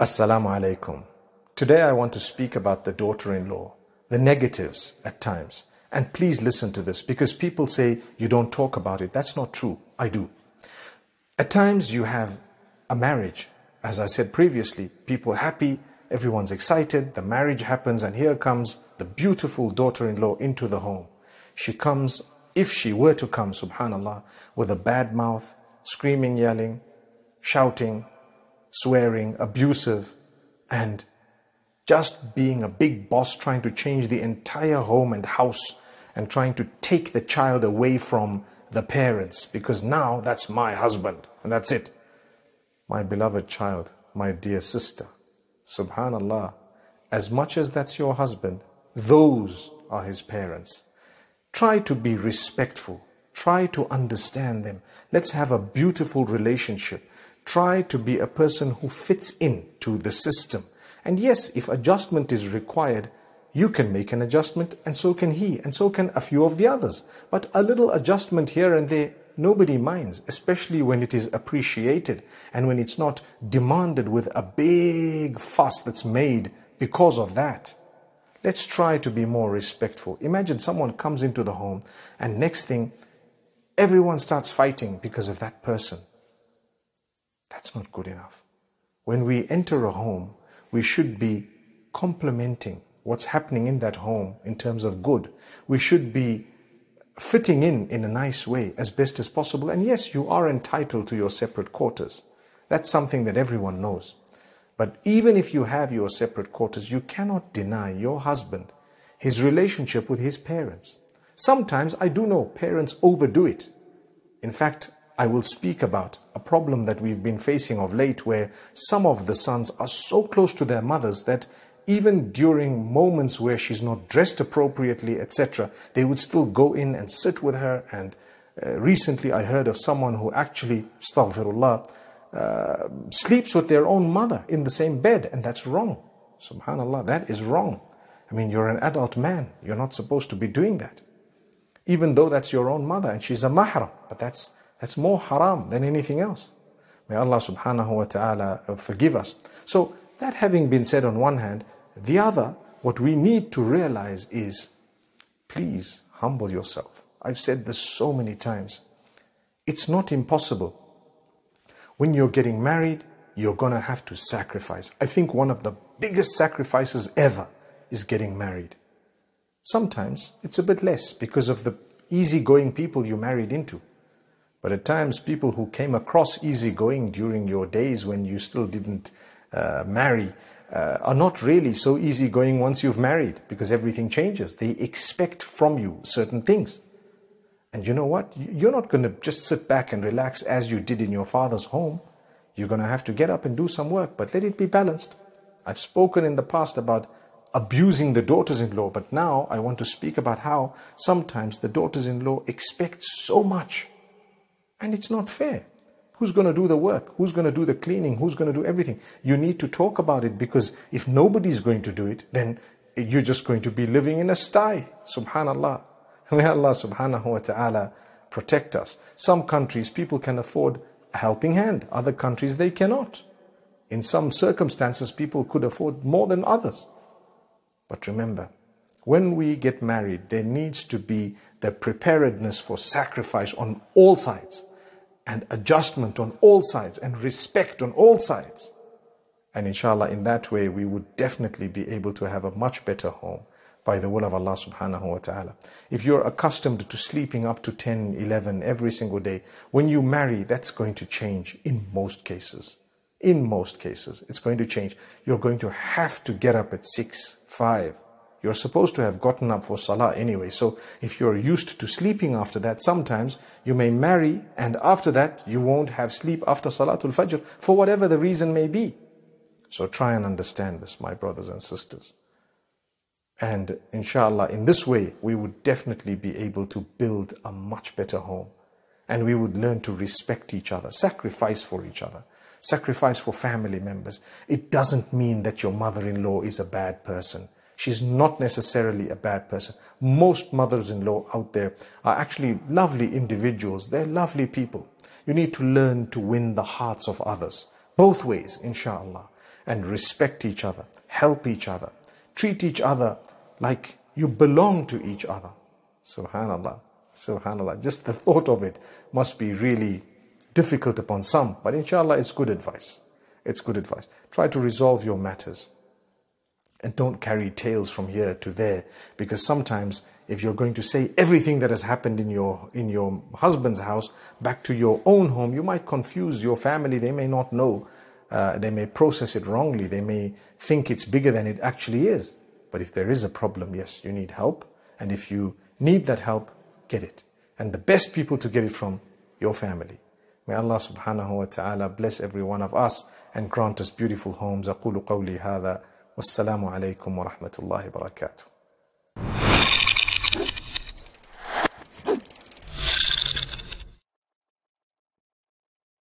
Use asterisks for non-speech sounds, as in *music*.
Assalamu alaikum. Today I want to speak about the daughter in law, the negatives at times. And please listen to this because people say you don't talk about it. That's not true. I do. At times you have a marriage. As I said previously, people happy, everyone's excited, the marriage happens, and here comes the beautiful daughter in law into the home. She comes, if she were to come, subhanAllah, with a bad mouth, screaming, yelling, shouting, swearing, abusive, and just being a big boss trying to change the entire home and house and trying to take the child away from the parents because now that's my husband and that's it. My beloved child, my dear sister, subhanallah, as much as that's your husband, those are his parents. Try to be respectful. Try to understand them. Let's have a beautiful relationship. Try to be a person who fits in to the system. And yes, if adjustment is required, you can make an adjustment and so can he and so can a few of the others. But a little adjustment here and there, nobody minds, especially when it is appreciated and when it's not demanded with a big fuss that's made because of that. Let's try to be more respectful. Imagine someone comes into the home and next thing, everyone starts fighting because of that person. That's not good enough. When we enter a home, we should be complementing what's happening in that home in terms of good. We should be fitting in in a nice way as best as possible. And yes, you are entitled to your separate quarters. That's something that everyone knows. But even if you have your separate quarters, you cannot deny your husband his relationship with his parents. Sometimes I do know parents overdo it. In fact, I will speak about a problem that we've been facing of late where some of the sons are so close to their mothers that even during moments where she's not dressed appropriately, etc., they would still go in and sit with her. And uh, recently I heard of someone who actually, astaghfirullah, uh, sleeps with their own mother in the same bed, and that's wrong. Subhanallah, that is wrong. I mean, you're an adult man, you're not supposed to be doing that. Even though that's your own mother and she's a mahram, but that's that's more haram than anything else. May Allah subhanahu wa ta'ala uh, forgive us. So, that having been said on one hand, the other, what we need to realize is please humble yourself. I've said this so many times. It's not impossible. When you're getting married, you're going to have to sacrifice. I think one of the biggest sacrifices ever is getting married. Sometimes it's a bit less because of the easygoing people you married into. But at times, people who came across easygoing during your days when you still didn't uh, marry uh, are not really so easygoing once you've married because everything changes. They expect from you certain things. And you know what? You're not going to just sit back and relax as you did in your father's home. You're going to have to get up and do some work, but let it be balanced. I've spoken in the past about abusing the daughters in law, but now I want to speak about how sometimes the daughters in law expect so much and it's not fair. Who's going to do the work? Who's going to do the cleaning? Who's going to do everything? You need to talk about it because if nobody's going to do it, then you're just going to be living in a sty. Subhanallah. *laughs* May Allah subhanahu wa ta'ala protect us. Some countries people can afford a helping hand, other countries they cannot. In some circumstances, people could afford more than others. But remember, when we get married, there needs to be the preparedness for sacrifice on all sides and adjustment on all sides and respect on all sides. And inshallah, in that way, we would definitely be able to have a much better home by the will of Allah subhanahu wa ta'ala. If you're accustomed to sleeping up to 10, 11 every single day, when you marry, that's going to change in most cases. In most cases, it's going to change. You're going to have to get up at 6, 5, you're supposed to have gotten up for salah anyway, so if you're used to sleeping after that, sometimes you may marry and after that you won't have sleep after salatul fajr for whatever the reason may be. So try and understand this, my brothers and sisters. And inshallah, in this way, we would definitely be able to build a much better home. And we would learn to respect each other, sacrifice for each other, sacrifice for family members. It doesn't mean that your mother in law is a bad person she's not necessarily a bad person. Most mothers in law out there are actually lovely individuals, they're lovely people. You need to learn to win the hearts of others, both ways, inshallah, and respect each other, help each other, treat each other like you belong to each other. Subhanallah, subhanallah. Just the thought of it must be really difficult upon some, but inshallah, it's good advice. It's good advice. Try to resolve your matters and don't carry tales from here to there because sometimes if you're going to say everything that has happened in your in your husband's house back to your own home you might confuse your family they may not know uh, they may process it wrongly they may think it's bigger than it actually is but if there is a problem yes you need help and if you need that help get it and the best people to get it from your family may allah subhanahu wa ta'ala bless every one of us and grant us beautiful homes أقول والسلام عليكم ورحمه الله وبركاته